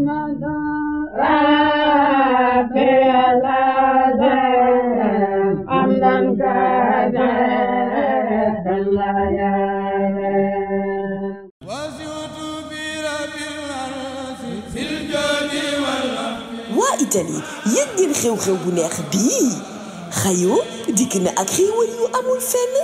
Italië, je deel xew-xew bu neex bii xayoo dikk na ak xéewal yu amul fenn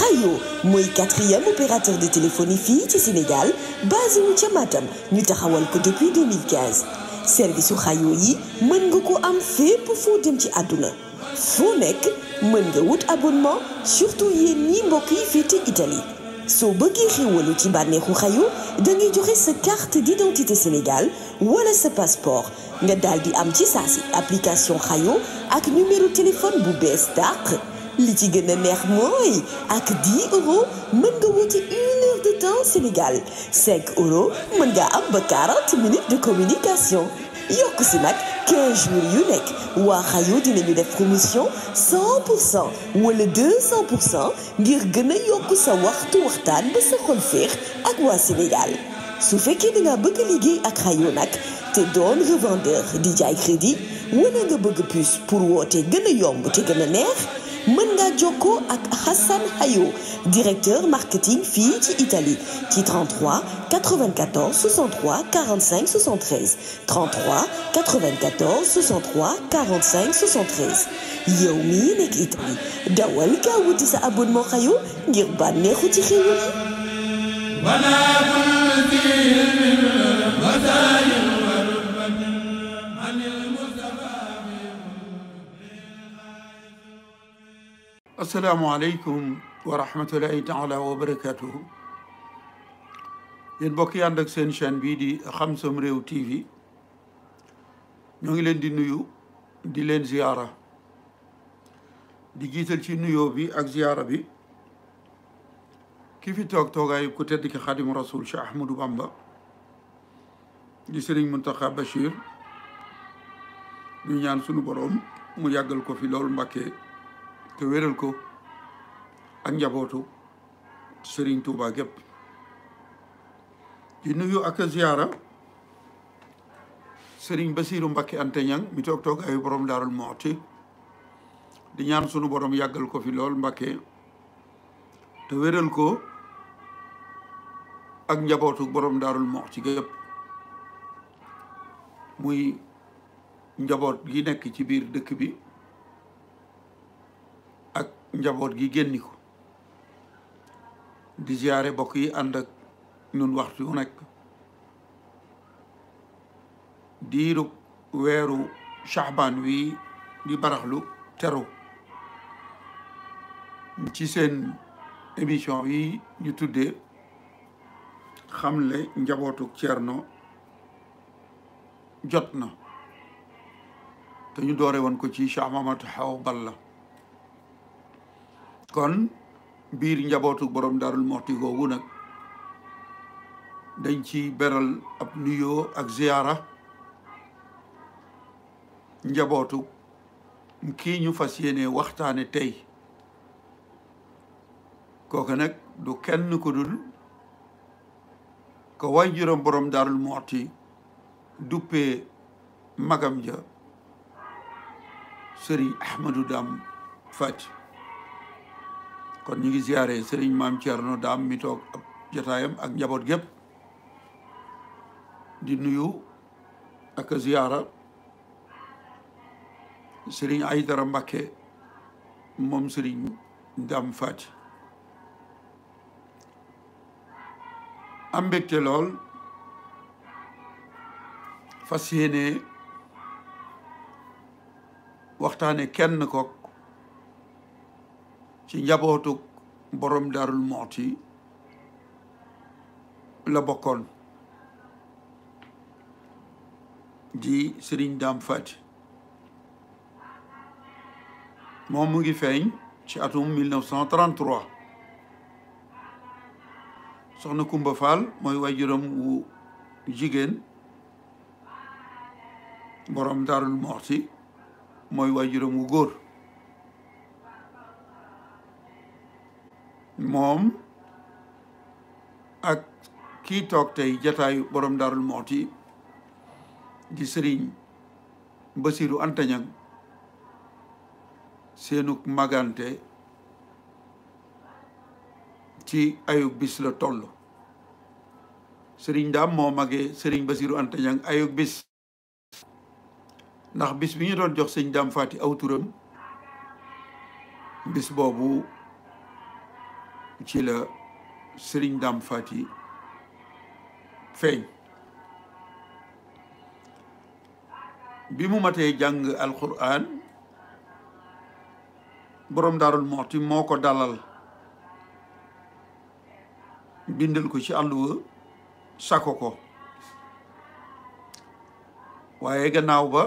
Rayo moi quatrième opérateur de téléphonie fixe du Sénégal basé à ca Matam depuis 2015 service Rayo yi mën nga ko am fait Pour dem ci petit foo nekk mën nga wut abonnement surtout y ni ni yi fête Italie so bëggee xéwalu ci bànneexu Rayo da ngay sa carte d'identité Sénégal wala sa passeport nga di am ci application Rayo avec numéro de téléphone bu bees li ci gëna neex ak 10 euros mën nga wuti une heure de temps Sénégal 5 euros mën nga am 40 minutes de communication yokk si nag 15 jours yu nekk waa Xayo dinañu def promotion 100 ou le wala 200 pour ngir gën a yokk sa waxtu waxtaan ba sa xol féex ak waa Sénégal su fekkee da nga bëgg liggéey ak Xayo nag te doon revendeur di jaay crédit wala nga bëgg puce pour woote gën a yomb te neex mën Joko Hassan Hayo directeur marketing Fiji Italie T 33 94 63 45 73 33 94 63 45 73 Yomi dawal ka sa abonnement Hayo ngir السلام عليكم ورحمة الله تعالى وبركاته yéen mbokk yi ànd ak seen chaîne bii di Xam Sam Réew TV ñoo ngi leen di nuyu di leen ziyaara di jiital ci nuyoo bi ak ziyaara bi ki fi toog toogaayu ku tedd ki Xaadimu Rasuul Cheikh Ahmadou Bamba di Sëriñ Muntaxa Bachir ñu ñaan sunu boroom mu yàggal ko fi loolu Mbàkke te wéral ko ak njabootu sëriñ Touba gépp di nuyu ak sëriñ Serigne Basiiru Mbacke Anta Ñang mi toog toog ay borom Daarul Muxti di ñaan sunu borom yàggal ko fi lool Mbacke te wéral ko ak njabootu borom Daarul Muxti gépp muy njaboot gi nekk ci biir dëkk bi njaboot gi génni ko di ziyaare bokk yi ànd ak ñun waxtu wu nekk diiru weeru Shahbaan wi di baraxlu teru ci seen émission yi ñu tuddee xamle njabootu Ceerno jot na te ñu doore woon ko ci Cheikh Mamadou bal la kon biir njabootu boroom daarul moxti googu nag dañ ci beral ab nuyoo ak ziyaara njabootu kii ñu fas yéene waxtaane tey kooku nag du kenn ku dul ko way juróom borom daarul moxti duppee magam ja sëriñ ahmadou dam fati kon ñu ngi ziare Serigne Maam Thierno Daam mi toog ab jotaayam ak njaboot gépp di nuyu ak ziara Serigne Aydara Mbakke moom Serigne Daam Faati am mbégte lool fas yéene waxtaane kenn kook ci njabootuk borom daarul moxti la bokkoon di sëriñ daam fati moom mu ngi feeñ ci atum 1933 soxna Kumba Fall mooy waajuram wu jigéen borom daarul moxti mooy waajuram wu góor mom ak kii toog tey jataayu borom darul moti di sëriñ Basiru Antañang senuk magante ci ayub bis la toll sëriñ daam sering magee sëriñ Basiru Antañang ayub bis ndax bis bi ñu doon jox sëñ bis bobu ci la Sëriñ Daam Faati feeñ bi mu matee jàng alquran boroom daarul moxti moo ko dalal bindal ko ci àlluwa sako ko waaye gannaaw ba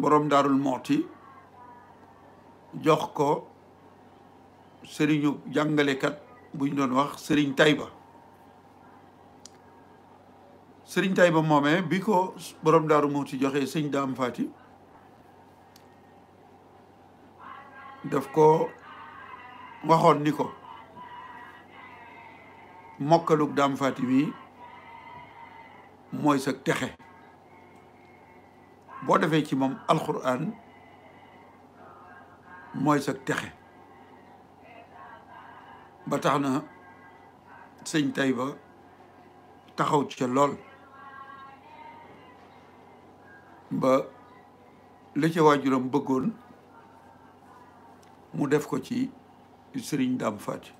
boroom daarul moxti jox ko sëriñu jàngalekat bu ñu doon wax sëriñ Tayba sëriñ Tayba moomee bi ko borom daaru mu ci joxee sëñ daam faati ko waxoon ni ko mokkaluk daam faati mooy sa texe boo defee ci moom alxuraan mooy sa texe ba tax na sëñ Taïba taxaw ca lool ba la ca waajuram bëggoon mu def ko ci sëriñ Dame Faty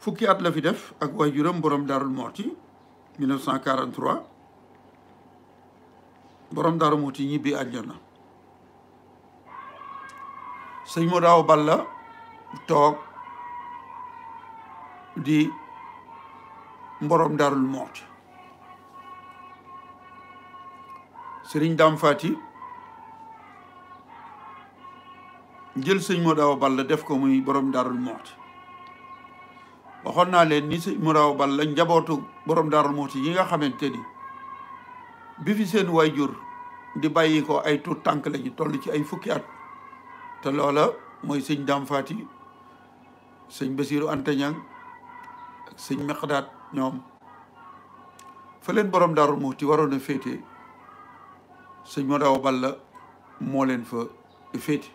fukki at la fi def ak waajuram borom Daarul Mooti 1943 borom Daarul Mooti ñibbi àjjana sëñ Modou bal la toog di mborom daarul moot sëriñ daam jël sëñ moo daaw balla def ko muy borom daarul mooti waxoon naa leen ni sëñ moo daaw balla njabootu borom daarul mooti yi nga xamante ni bi fi seen waajur di bàyyi ko ay tuut tànk lañu toll ci ay fukki at te loola mooy sëñ daam sëñ Basiiru Anta Ñang sëñ Meqdaat ñoom fa leen borom Daaru Muxti waroon a féete sëñ Modaw Balla moo leen fa féete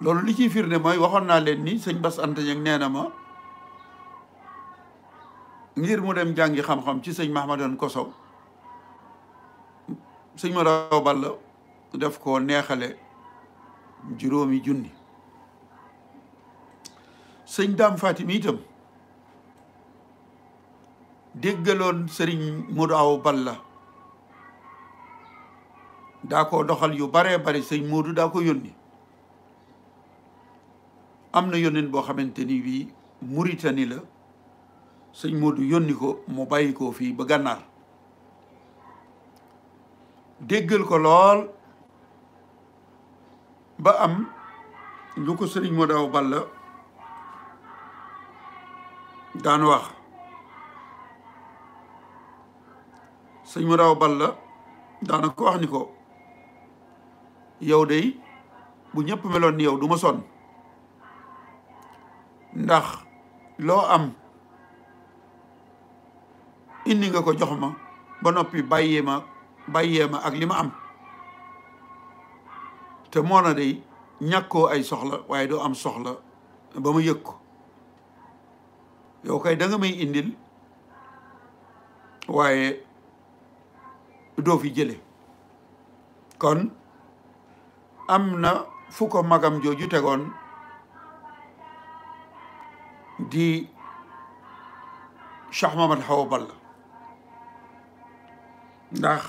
loolu li ciy firnde mooy waxoon naa leen ni sëñ Bas Anta Ñang nee na ma ngir mu dem jàngi xam-xam ci sëñ ko Kosow sëñ Modaw Balla daf ko neexale juróomi junni sëñ daam Fatim itam déggaloon sëriñ Modou Awa la daa ko doxal yu bare bari sëñ Modou daa ko yónni am na yónneen boo xamante ni bii Muritani la sëñ Modou yónni ko mu bàyyi ko fii ba gànnaar déggal ko lool ba am lu ko sëriñ Modou bal la daan wax sëñ mu raw bal la daana ko wax ni ko yow de bu ñëpp meloon yow duma ma ndax loo am indi nga ko jox ma ba noppi bàyyee ma bàyyee ma ak li ma am te moona na de ñàkkoo ay soxla waaye doo am soxla ba ma yëg ko yow kay da nga may indil waaye doo jële kon am na fu ko magam jooju tegoon di Cheikh Mamad Xawa Balla ndax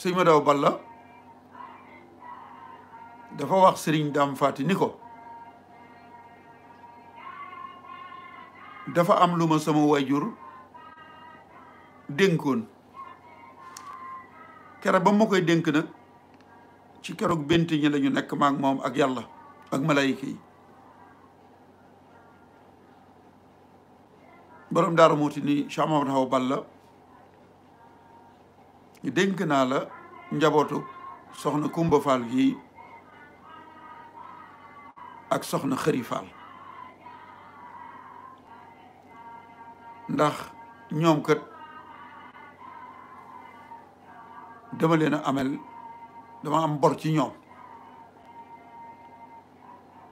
sëñ ma daw Balla dafa wax sëriñ Daam Faati ni ko dafa am lu ma sama waajur dénkoon kere ba ma koy dénk na ci keroog bent ñi la nekk maak moom ak yàlla ak malayka yi boroom daara muuti ni Cheikh Mamadou Hawa Balla dénk naa la njabootu soxna Kumba Fall gi ak soxna Xëri Fall ndax ñoom kat dama a amel dama am bor ci ñoom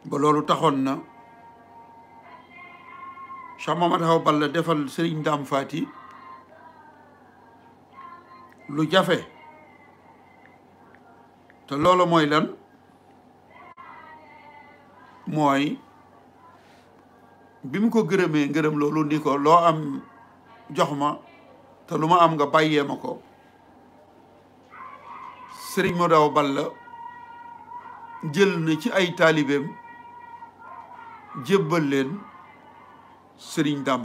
ba loolu taxoon na Cheikh Mamadou Awa Balla defal Serigne Ndam lu jafe te loolo mooy lan mooy bi mu ko gërëmee ngërëm loolu ni ko loo am jox ma te lu ma am nga bàyyee ma ko sëriñ Modaw Balla jël na ci ay taalibeem jébbal leen sëriñ Daam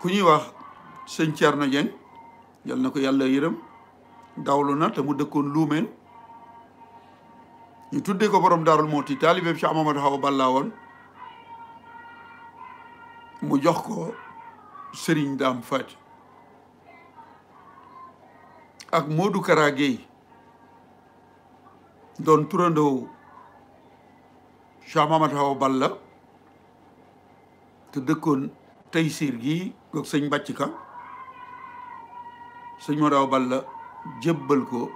ku ñuy wax sëñ Thierno Dieng yal na ko yàlla yërëm dawlu na te mu dëkkoon luumeen ñu tuddee ko boroom daarul mooti taalibeem Cheikh Mamadou Hawa Balla woon mu jox ko Serigne Dame Faty ak Modou Kara Gueye doon turandoo Cheikh Mamadou Hawa Balla te dëkkoon siir gi goog sëñ Bàcc Ka sëñ Mamadou Hawa Balla jébbal ko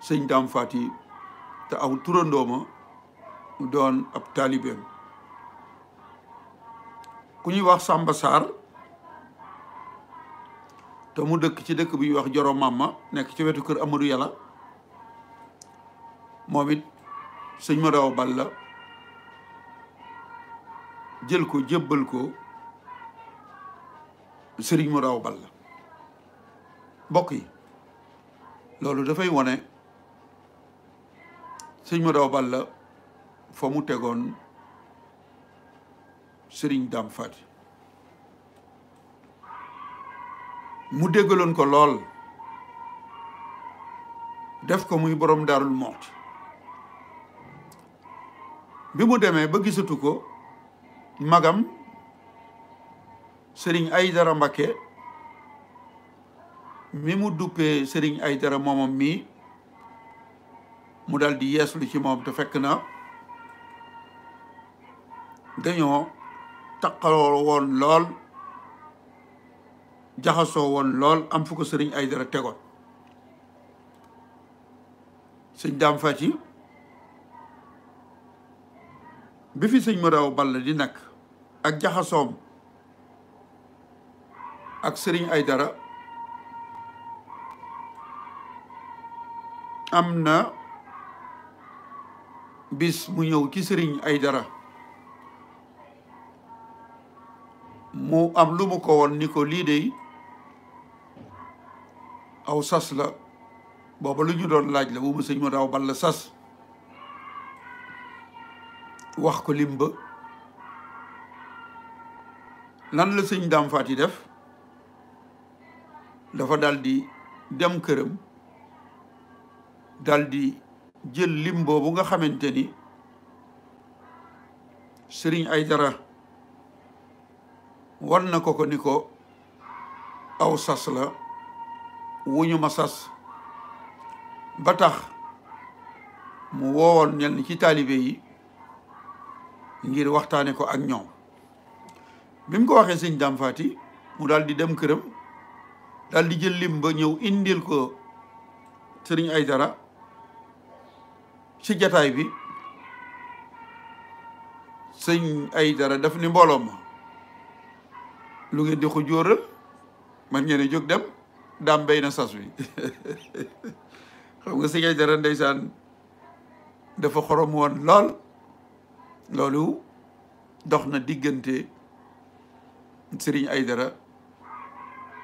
sëñ Dame Faty te aw turandooma mu doon ab taalibeem ku ñuy wax Samba Sarr te mu dëkk ci dëkk bi ñuy wax Joro Mamma nekk ci wetu kër Amadou Yàlla moom it sëñ ma daw bal la jël ko jébbal ko sëriñ mu raw bal la mbokk yi loolu dafay wone sëñ Madaw la fa mu tegoon sëriñ Dame mu déggaloon ko lool def ko muy borom daarul moxti bi mu demee ba gisatu ko magam sëriñ Aydara Mbakke mi mu duppee sëriñ Aydara moomam mii mu dal di yeeslu ci moom te fekk na dañoo taqaloo woon lool jaxasoo woon lool am fu ko sëriñ ay dara tegoon sëñ daam fàcci bi fi sëñ Modaw Balla di nag ak jaxasoom ak sëriñ ay dara am na bis mu ñëw ci sëriñ ay dara mu am lu mu ko woon ni ko lii dey aw sas la booba lu ñu doon laaj la bu mu sëñ mu daw bal sas wax ko lim ba lan la sëñ daam faati def dafa daldi dem këram daldi jël lim boobu nga xamante ni Sëriñ Aydara wan na ko ko ni ko aw sas la wuñu ma sas ba tax mu woowoon ñenn ci taalibe yi ngir waxtaane ko ak ñoom bi ko waxee sëñ Dame mu daal di dem këram daal di jël lim ba ñëw indil ko Sëriñ dara ci jataay bi sëñ ay dara daf ni mbooloo ma lu ngeen di xujooral man ngeen a jóg dem daam béy na sas wi xam nga sëñ ay ndeysaan dafa xorom woon lool loolu dox na diggante sëriñ Aydara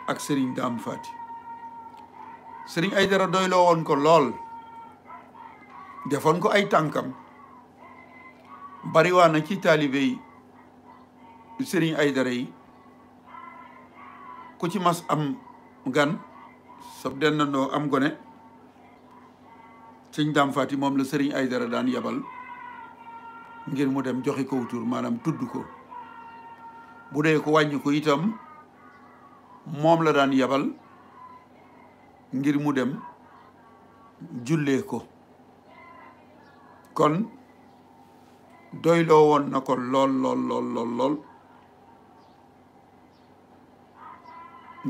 ak sëriñ Daam Faati sëriñ Aydara doyloo woon ko lool defoon ko ay tànkam bariwaa na ci taalibe yi sëriñ ay dara yi ku ci mas am gan sab dennandoo am gone sëñ daam faati moom la sëriñ ay dara daan yabal ngir mu dem joxe ko wutur maanaam tudd ko bu dee ko wàññi ko itam moom la daan yabal ngir mu dem jullee ko kon doyloo woon na ko lool lool lool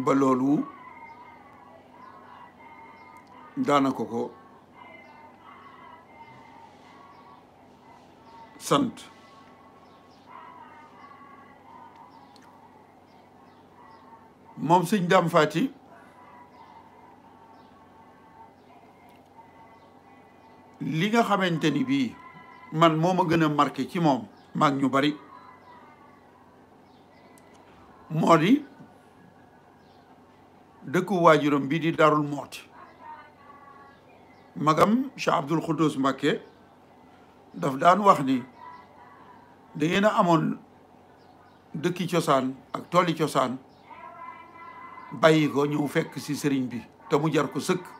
ba loolu daana ko ko sant moom sëñ Daam Faati li nga xamante ni bii man moo ma gën a marqué ci moom mag ñu bari moo di dëkku waajuram bii di darul Mouhty magam Cheikh Abdoul Khoudous Mbacké daf daan wax ni da ngeen a amoon dëkki cosaan ak tolli cosaan bàyyi ko ñëw fekk ci sëriñ bi te mu jar ko sëkk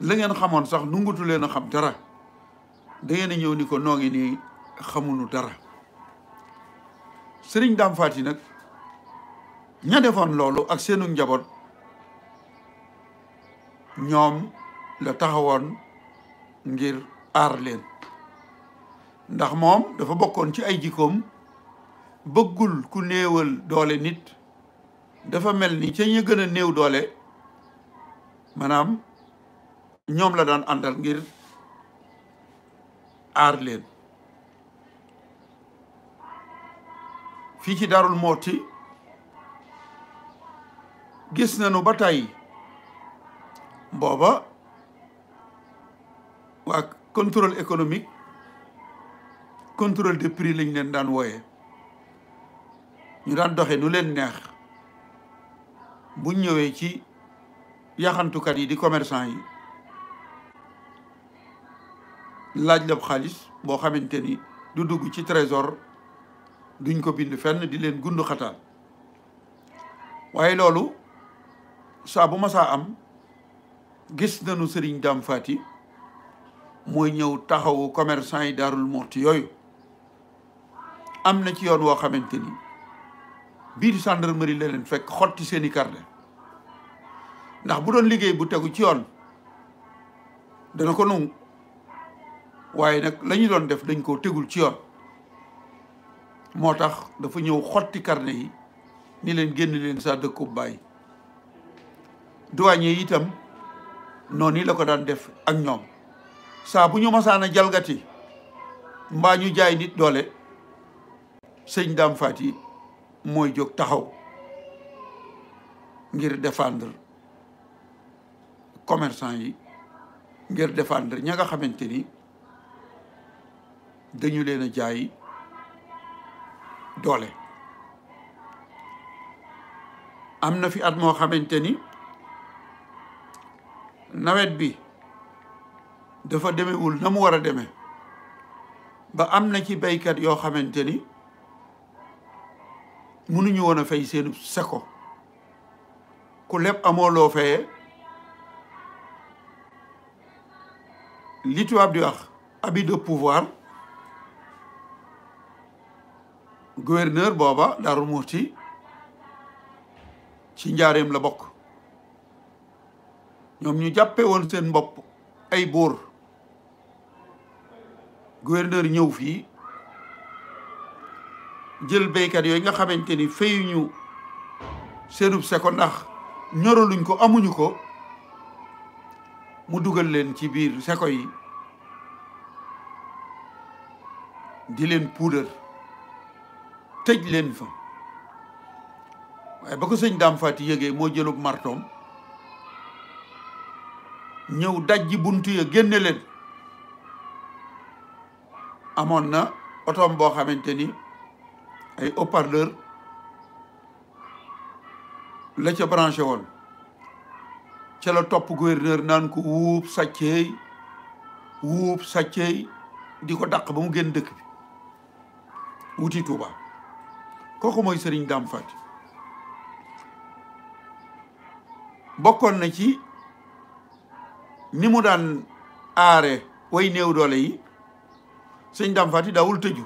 la ngeen xamoon sax nungutu leen a xam dara da ngeen ñëw ni ko noo ngi nii xamunu dara sëriñ daam faati nag ña defoon loolu ak seenu njaboot ñoom la taxawoon ngir aar leen ndax moom dafa bokkoon ci ay jikkoom bëggul ku néewal doole nit dafa mel ni ca ñu gën a néew doole maanaam ñoom la daan àndal ngir aar leen fii ci Darou Mouhty gis nanu ba tàyyi booba waa contrôle économique contrôle de prix lañ leen daan wooye ñu daan doxe nu leen neex buñ ñëwee ci yaxantukat yi di commerçant yi laaj la xaalis boo xamante ni du dugg ci trésor duñ ko bind fenn di leen gund xataan waaye loolu saa bu masaa am gis nañu sëriñ Dame Faty mooy ñëw taxawu commerçant yi daarul Muxti yooyu am na ci yoon woo xamante ni biir gendarmerie la leen fekk xotti seeni carte ndax bu doon liggéey bu tegu ci yoon dana ko nangu waaye nag la doon def dañ ko tegul ci yoon moo tax dafa ñëw xotti carnet yi ni leen génn leen sa dëkkub bàyyi douanier itam noonu la ko daan def ak ñoom sa bu ñu masaan jalgati mbaa ñu jaay nit doole sëñ dam fati mooy jóg taxaw ngir défendre commerçant yi ngir défendre ña nga xamante dañu leen a jaay doole am na fi at moo xamante ni nawet bi dafa demewul na mu war a deme ba am na ci béykat yoo xamante ni mënuñu woon a fay seen seko ku leb amoo loo fayee li tubaab di wax abus pouvoir gouverneur booba Daaru Muxti ci njaareem la bokk ñoom ñu jàppe woon seen mbopp ay buur gouverneur ñëw fii jël béykat yooyu nga xamante ni fayuñu seenub seko ndax ñoraluñ ko amuñu ko mu dugal leen ci biir seko yi di leen puudar tëj leen fa waaye ba ko sëñ daam fàtti yëgee moo jëlub martoom ñëw dajji buntu ya génne leen amoon na otoom boo xamante ni ay haut-parleur la ca branché woon ca la topp gouverneur naan ko wuub sàcceey wuub sàcceey di ko daq ba mu génn dëkk bi wuti Tuuba kooku mooy sëriñ Dame Faty bokkoon na ci ni mu daan aare way néew doole yi sëñ Dame Faty dawul tëju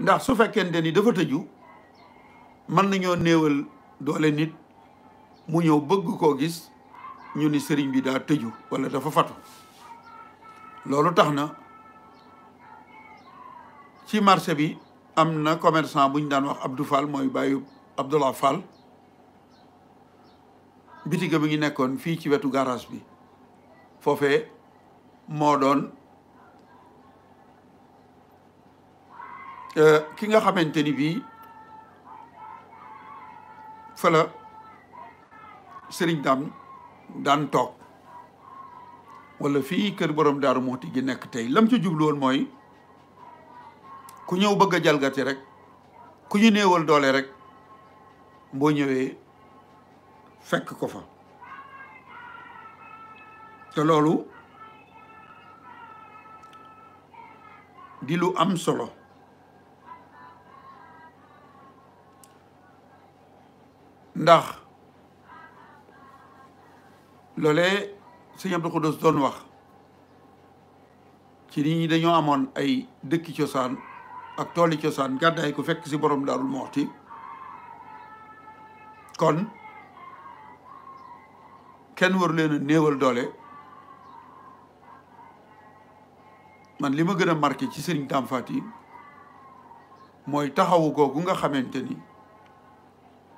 ndax su fekkente ni dafa tëju mën nañoo néewal doole nit mu ñëw bëgg koo gis ñu ni sëriñ bi daa tëju walla dafa fatu loolu tax na ci marché bi am na commerçant bu daan wax Abdou Fall mooy bàyyi Abdoulah Fall bitiga bi ngi nekkoon fii ci wetu garage bi foofe moo doon euh, ki nga xamante ni bii fala la sëriñ daam daan toog wala fii kër borom daaru Muxti gi nekk tey lam ci jublu mooy ku ñëw bëgg a jalgati rek ku ñu néewal doole rek boo ñëwee fekk ko fa te loolu di lu am solo ndax loolee sëñ Abdou Khoudous doon wax ci nit ñi dañoo amoon ay dëkki cosaan ak tooli cosaan gàddaay ko fekk si borom daarul moxti kon kenn war leen a néewal doole man li ma gën a marqué ci sëriñ Dame mooy taxawu googu nga xamante ni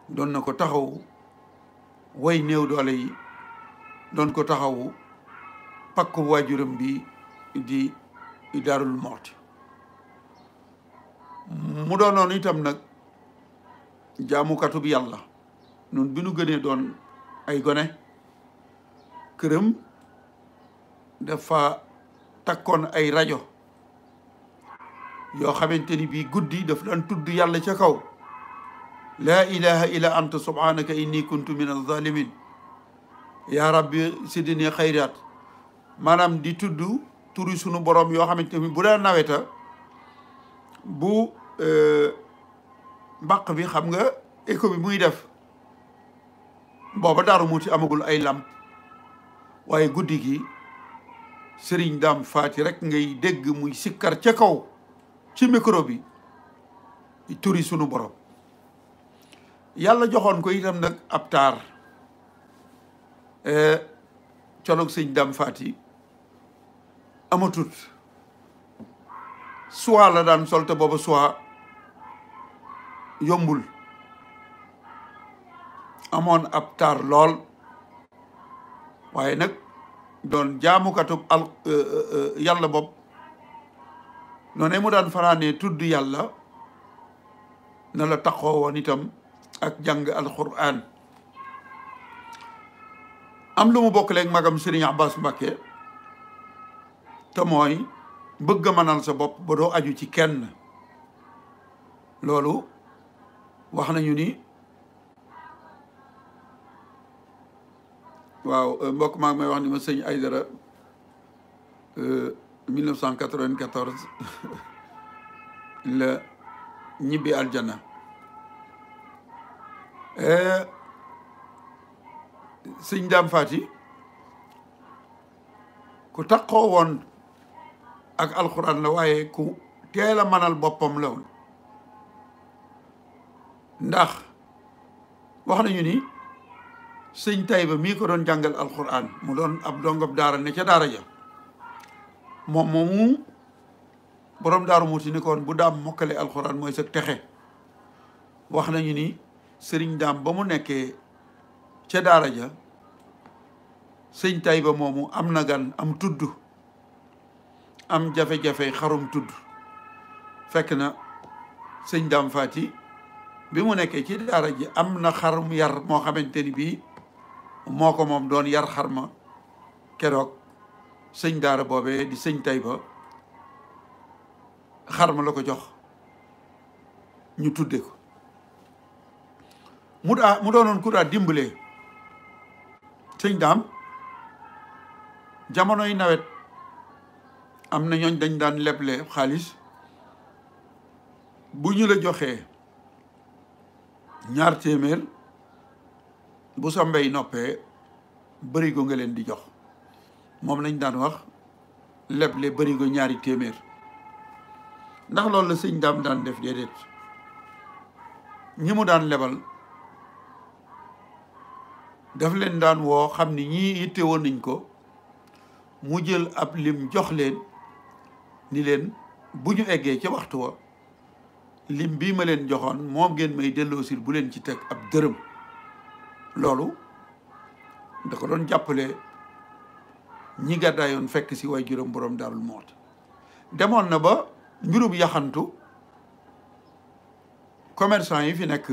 doon na ko taxawu way néew doole yi doon ko taxawu pakk waajuram bi di daarul moxti mu doonoon itam nag jaamukatub yàlla nun bi gënee doon ay gone këram dafa takkoon ay rajo yoo xamante ni bii guddi def daan tudd yàlla ca kaw la ilaha illa anta subhanaka inni kuntu min alzalimin yaa rabbi sidini xayraat maanaam di tudd turi sunu borom yoo xamante ni bu daan naweta bu Euh, mbaq bi xam nga éco bi muy def booba daaru muuti amagul ay làmp waaye guddi gi sëriñ daam faati rek ngay dégg muy sikkar ca kaw ci micro bi turi sunu borom yàlla joxoon ko itam nag ab taar euh, colog sëñ daam faati amatut suwa la daan solte booba suwa yombul amoon ab taar lool waaye nag doon jaamukatub al euh, euh, euh, yàlla bopp noonee mu daan fanaanee tudd yàlla na la taxoo woon itam ak jàng alquran am lu mu bokk leeg magam Serigne Abbas Mbacké te mooy bëgg a mënal sa bopp ba aju ci kenn loolu wax nañu ni waaw euh, mbokk maa may wax ni ma sëñ Aydara 1994 euh, la ñibbi aljana euh, sëñ Daam Faati ku takkoo woon ak alxuraan la waaye ku teel a manal boppam la ndax wax nañu ni sëñ Tayba mii ko doon jàngal alquran mu doon ab dongob daara ne ca daara ja moom moomu borom daaru muuti ni koon bu daam mokkale alquran mooy sa texe wax nañu ni sëriñ daam ba mu nekkee ca daara ja sëñ Tayba moomu am na gan am tudd am jafe-jafe xarum tudd fekk na sëñ daam Fati bi mu nekkee ci daara ji am na xarum yar moo xamante ni bii moo ko moom doon yar xarma ma keroog sëñ daara boobee di sëñ Tayba xar ma la ko jox ñu tudde ko mu daa mu doonoon ku daa dimbalee sëñ daam jamonoy nawet am na ñooñ dañ daan leble xaalis bu ñu la joxee ñaar téeméer bu sa mbéy noppee bërigo nga leen di jox moom lañ daan wax lépp leble bërigo ñaari téeméer ndax loolu la sëñ daam daan def déedéet ñi mu daan lebal daf leen daan woo xam ni ñii yitte woon nañ ko mu jël ab lim jox leen ni leen bu ñu eggee ca waxtu wa lim bii ma leen joxoon moom ngeen may delloosil bu leen ci teg ab dërëm loolu da ko doon jàppale ñi gàddaayoon fekk si way juróom borom daarul moot demoon na ba mbirum yaxantu commerçant yi fi nekk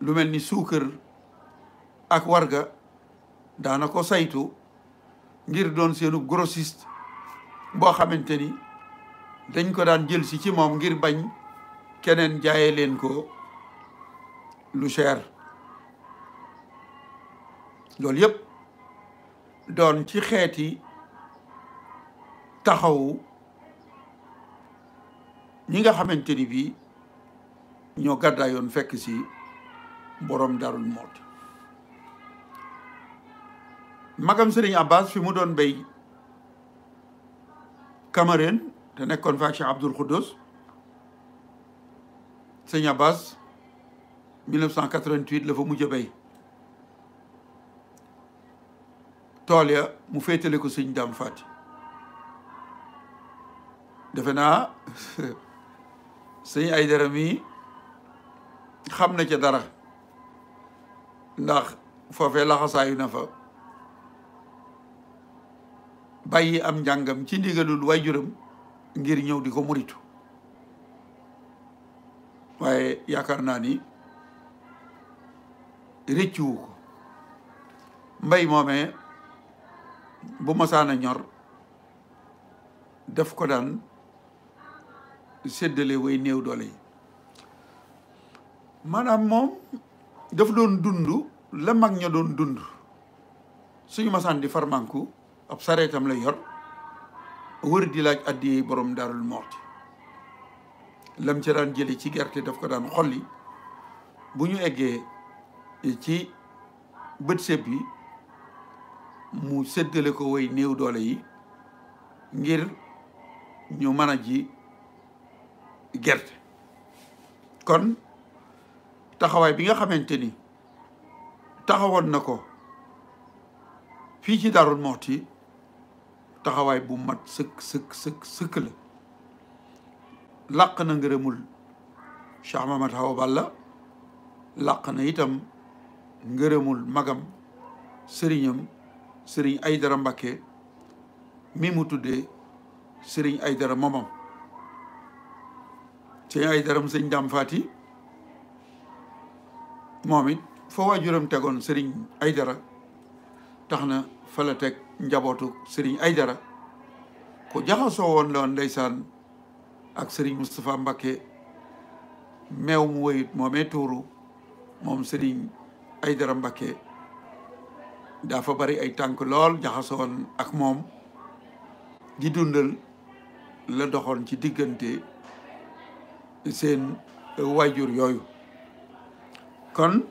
lu mel ni suukar ak warga daana ko saytu ngir doon seenu grossiste boo xamante ni dañ ko daan jël si ci moom ngir bañ keneen jaaye leen ko lu cher loolu yëpp doon ci xeeti taxawu ñi nga xamante ni bii ñoo gàddaa yoon fekk si boroom darul moot magam Serigne Abbas fi mu doon béy Cameroun te nekkoon fa Cheikh Abdoul Khoudous sëñ Abbas 1988 la fa mujj a tool ya mu féetale ko sëñ Dame Fati defe naa sëñ Aydara mi xam na ca dara ndax foofee laxasaayu na fa bàyyi am njàngam ci ndigalul waajuram ngir ñëw di ko muritu waaye yaakaar naa ni rëccuwu ko mbay moomee bu masaana ñor daf ko daan séddale way néew doole yi maanaam moom daf doon dund la mag ña doon suñu di farmanku ab sareetam la yor wër di laaj addi borom darul moxti lam ca daan jële ci gerte daf ko daan xolli bu ñu eggee ci bët sëb yi mu seddale ko way néew doole yi ngir ñu mën a ji gerte kon taxawaay bi nga xamante ni taxawoon na ko fii ci Daarul Muxti taxawaay bu mat sëkk sëkk sëkk sëkk la làq na ngërëmul Cheikh Mahamad Hawa Balla làq na itam ngërëmul magam sëriñam sëriñ Aydara Mbàkke mi mu tuddee sëriñ dara moomam sëriñ Aydaram sëñ Daam Faati moom it foo waajuram tegoon sëriñ Aydara tax na fa la teg njabootu sëriñ Aydara ku jaxasoo woon la woon ndeysaan ak Serigne Moustapha Mbakke meew mu woyut moomee tuuru moom Serigne ay Mbakke daa fa bari ay tànk lool jaxasoon ak moom di dundal la doxoon ci diggante seen waajur yooyu kon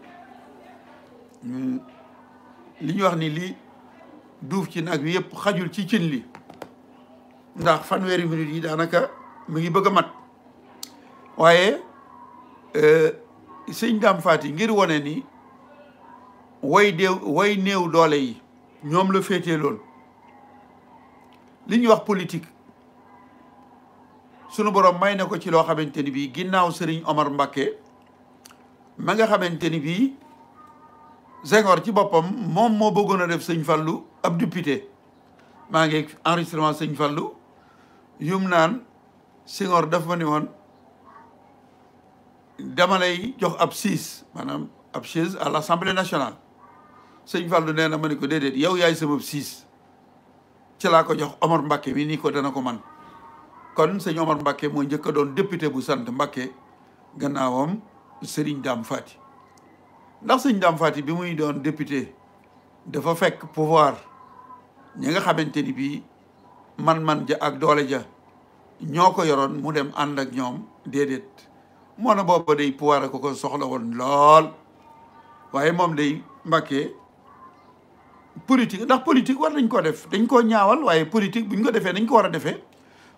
li ñu wax ni li duuf ci nag wi yëpp xajul ci cin li ndax fanweeri minute yi daanaka mi ngi bëgg a mat waaye eh, sëñ Dame Faty ngir wane ni way deew way néew doole yi ñoom la féetee lool li ñuy wax politique sunu borom may na ko ci loo xamante ni bii ginnaaw sëriñ Omar Mbakke ma nga xamante ni bii Senghor ci boppam moom moo bëggoon a def sëñ fallu ab député maa ngi enregistrement sëñ Fallou yum naan Senghor daf ma ni woon dama lay jox ab siis maanaam ab chaise à l'Assemblée nationale sëñ Fallou nee na ma ni ko déedéet yow yaay sama siis ci laa ko jox Omar Mbacke mi nii ko dana ko man kon sëñ Omar Mbacke moo njëkk a doon député bu sant Mbacke gannaawam Serigne Dame Fati ndax Serigne Dame Fati bi muy doon député dafa fekk pouvoir ñi nga xamante ni bii man-man ja ak doole ja ñoo ko yoroon mu dem ànd ak ñoom déedéet moo na booba day pouvoir ko ko soxla woon lool waaye moom day mbàkkee politique ndax politique war nañ ko def dañ koo ñaawal waaye politique buñ ko defee dañ ko war a defee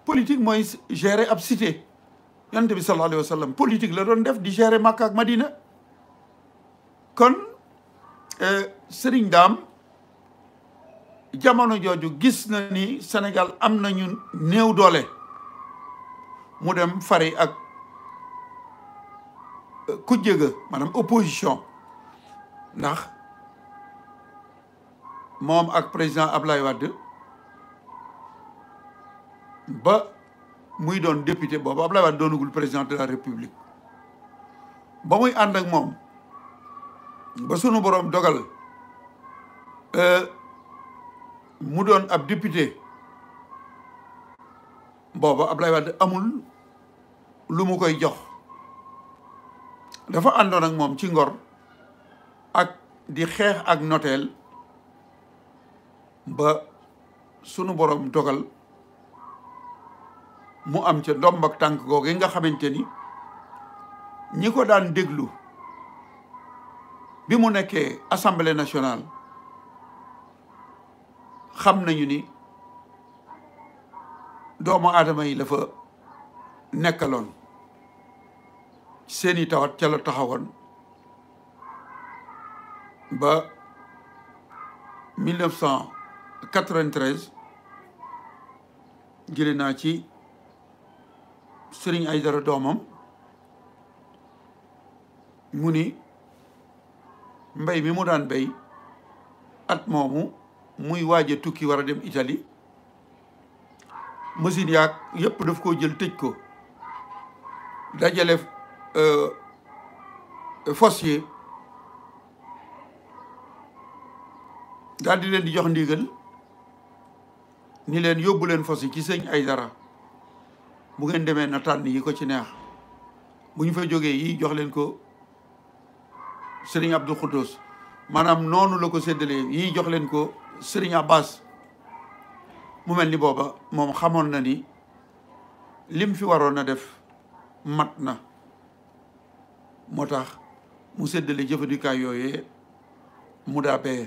politique mooy gere ab cité yonent bi sallallahu alayhi wa politique la doon def di gérer Makka ak Madina kon euh, Sëriñ Daam jamono jooju gis na ni Sénégal am na ñu néew doole mu dem fari ak euh, ku jëga maanaam opposition ndax moom ak président Ablaye Wade ba muy doon député boobu Ablaye Wade doonagul président de la république ba muy ànd ak moom ba sunu borom dogal euh, mu doon ab député booba Ablaye Wade amul lu mu koy jox dafa àndoon ak moom ci ngor ak di xeex ak noteel ba sunu borom dogal mu am ca ndomb ak tànk googu nga xamante ni ñi ko daan déglu bi mu nekkee assemblée nationale xam nañu ni doomu aadama yi la nekkaloon seeni tawat ca la taxawoon ba 1993 jële naa ci Sëriñ Aydara doomam mu ni mbay mi mu daan bay at moomu muy waaje tukki war a dem Italie machine yaag yëpp daf koo jël tëj ko dajale euh, fos yi daal di leen di jox ndigal ni leen yóbbu leen fos yi ci sëñ ay dara bu ngeen demee na tànn ko ci neex bu ñu jógee yi jox leen ko sëriñ Abdou Khoudous maanaam noonu la ko séddalee yi jox leen ko sëriñ Abbas mu mel ni booba moom xamoon na ni lim fi waroon a def mat na moo tax mu séddale jëfandikaay yooyee mu daa bee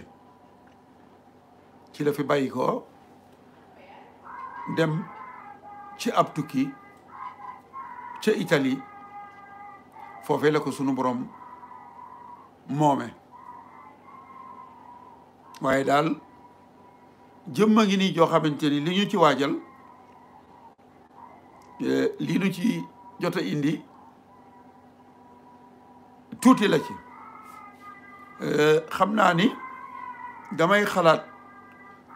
ci la fi bàyyi ko dem ci ab tukki ci Italie foofee la ko sunu borom moome waaye daal jëmm a ngi ni joo xamante ni li ñu ci waajal eh, lii nu ci jot a indi tuuti la ci eh, xam naa ni damay xalaat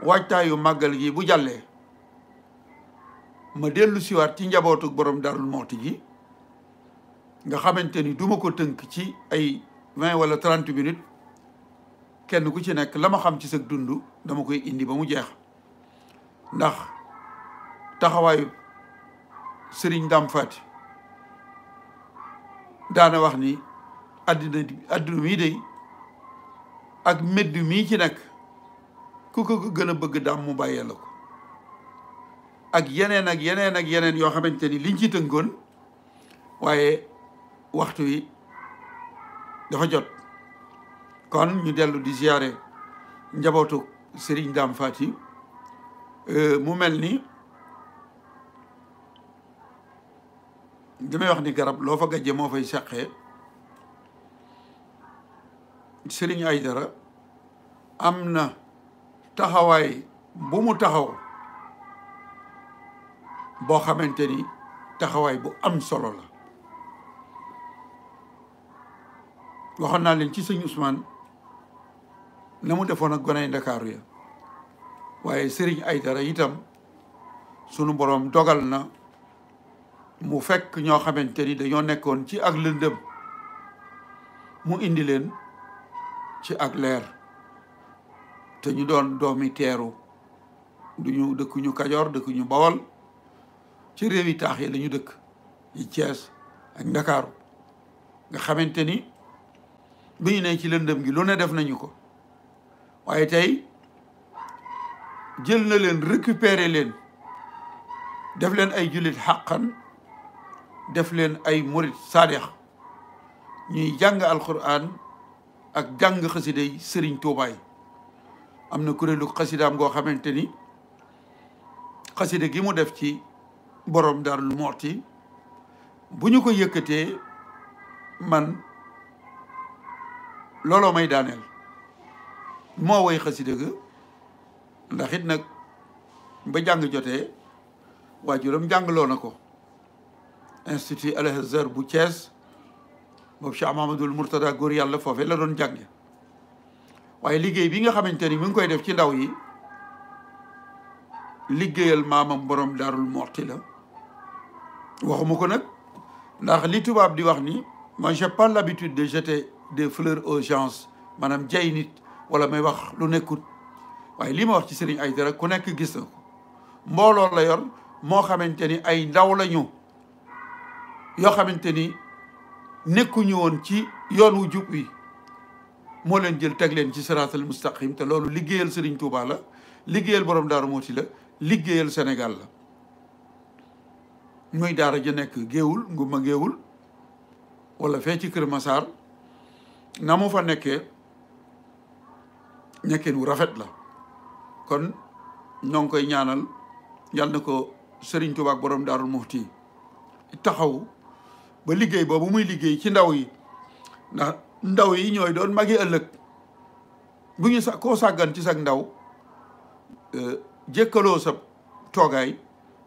waajtaayu màggal gi bu jàllee ma dellu siwaat ci njabootu borom Darou Mouhty gi nga xamante ni duma ko tënk ci ay vingt wala trente minutes kenn ku ci nekk la ma xam ci sa dund dama koy indi ba mu jeex ndax taxawaayu sëriñ Dame Faty daana wax ni addina adduna mii day ak médd mii ci nekk ku ko gën a bëgg daam mu bàyyee la ko ak yeneen ak yeneen ak yeneen yoo xamante ni liñ ci ngoon waaye waxtu wi dafa jot kon ñu dellu di ziare njabootu Serigne Dame Faty euh, mu mel ni damay wax ni garab loo fa gajje moo fay saqee ay dara am na taxawaay bu mu taxaw boo xamante ni taxawaay bu am solo la waxoon naa leen ci sëñ Ousmane na mu defoon ak goney ndakaaru ya waaye Serigne Aydara itam sunu boroom dogal na mu fekk ñoo xamante ni dañoo nekkoon ci ak lëndëm mu indi leen ci ak leer te ñu doon doomi teeru duñu dëkkuñu Kajoor dëkkuñu bawal ci réewi taax yi lañu dëkk yi Thiès ak Ndakaaru nga xamante ni bu ne ci lëndëm gi lu ne def nañu ko waaye tey jël na leen récupérer leen def leen ay jullit xàqan def leen ay murit saadix ñuy jàng alquran ak jàng xasida sëriñ Tuubaa am na kuréelu xasidaam goo xamante ni xasida gi mu def ci boroom Daaru Muxti bu ñu ko yëkkatee man looloo may daaneel moo woy xasida ga ndax it nag ba jàng jotee waajuram jàngloo na ko institut Al Azhar bu Thiès boobu Cheikh Mahamadul murtada góor yàlla foofe la doon jànge waaye liggéey bi nga xamante ni mi ngi koy def ci ndaw yi liggéeyal maamam borom darul morti la waxuma ko nag ndax li tubaab di wax ni moi j'ai pas l'habitude de jeter des fleurs aux gens maanaam jay nit ولا ما يبغى لو نكون وعليه ما وقت سرني أي درة كنا كجسر ما لا لير ما خمن تني أي دولة يو يا خمن تني نكون يوم كي يوم وجوبي إيه. مولن جل تغلين جسرات المستقيم تلولو لجيل سرني توبا لا لجيل برام دار موتي لا لجيل سنغال لا دار جنك جيول نقوم جيول ولا فيتي كرمسار نامو فنكه nekkin wu rafet la kon ñoo ngi koy ñaanal yal na ko Serigne Touba ak borom Daarul Muxti taxaw ba liggéey boobu muy liggéey ci ndaw yi ndax ndaw yi ñooy doon magi ëllëg bu ñu sa koo sàggan ci sag ndaw euh, jëkkaloo sa toogaay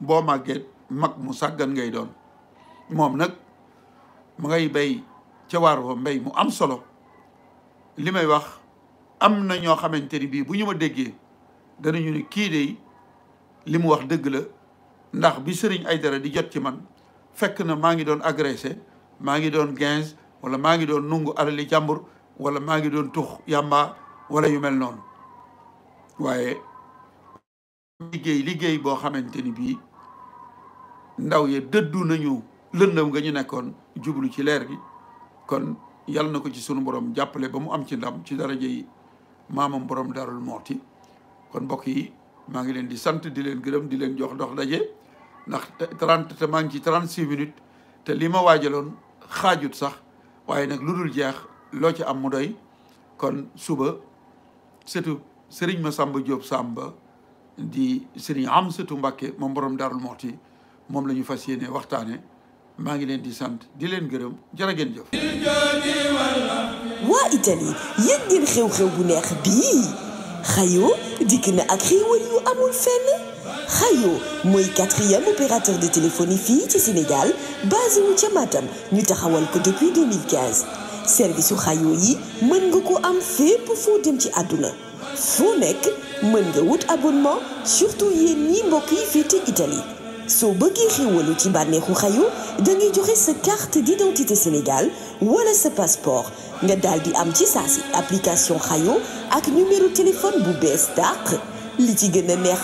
boo màggee mag mu sàggan ngay doon moom nag mu ngay bay ca waar wa mbay mu am solo li may wax am na ñoo xamante ni bii bu ñu ma déggee danañu ne kii de li mu wax dëgg la ndax bi sëriñ ay Aydara di jot ci man fekk na maa ngi doon agressé maa ngi doon guinze wala maa ngi doon nungu alali jàmbur wala maa ngi doon tux yàmba wala yu mel noonu waaye liggéey liggéey boo xamante ni bii ndaw ye dëddu nañu lëndëm nga ñu nekkoon jublu ci leer bi kon yàlla na ko ci sunu borom jàppale ba mu am ci ndam ci daraja yi maamam borom darul mooti kon mbokk yi maa ngi di sant di leen gërëm di leen jox dox daje ndax trente te maa ngi ci trente six minutes te li ma waajaloon xaajut sax waaye jeex ci am mu kon suba setu Serigne masambo job Samba di Serigne setu Mbacké moom borom daarul mooti moom la ñu fas yéene ngi di sant di leen gërëm jërë jëf waa Italie yëg ngeen xew-xew bu neex bii xayo dikk na ak xéewal yu amul fenn xayo mooy quatrième opérateur de yi fii ci Sénégal basé wu ca Matam ñu taxawal ko depuis 2015 service u xayo yi mën nga ko am fépp foo dem ci àdduna foo nekk mën nga wut abonnement surtout yéen ñi mbokk yi féete Italie soo bëggee xéwalu ci bànneexu xayu da ngay joxe sa carte d'identité Sénégal wala sa passeport nga daal di am ci si application xayu ak numéro téléphone bu bees tàq li ci gën neex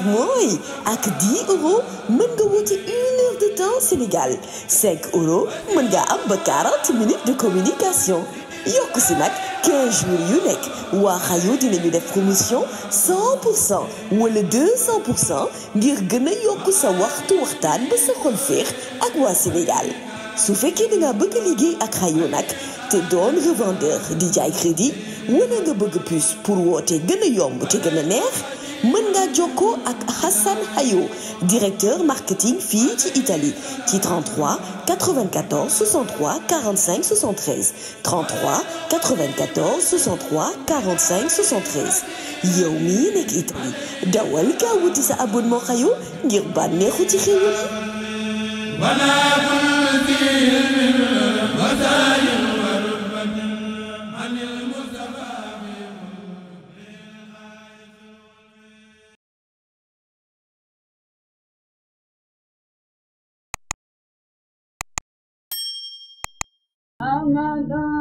ak 10 euros mën nga woote une heure de temps Sénégal 5 euros mën ngaa am 40 minutes de communication yokku si nag 15 jours yu nekk waa Rayo dinañu def promotion 100 pour cent wala 200 ngir gëna a sa waxtu waxtaan ba sa xol féex ak waa Sénégal su fekkee da ngaa bëgg liggéey ak Rayo nag te doon revendeur di jaay crédit wala nga bëgg puce pour woote gëna yomb te gëna neex mën Joko et ak Hassan Hayo directeur marketing Fiji Italie T. 33 94 63 45 73 33 94 63 45 73 Yomi Nek nekk dawal ka sa abonnement Hayo ngir ci na da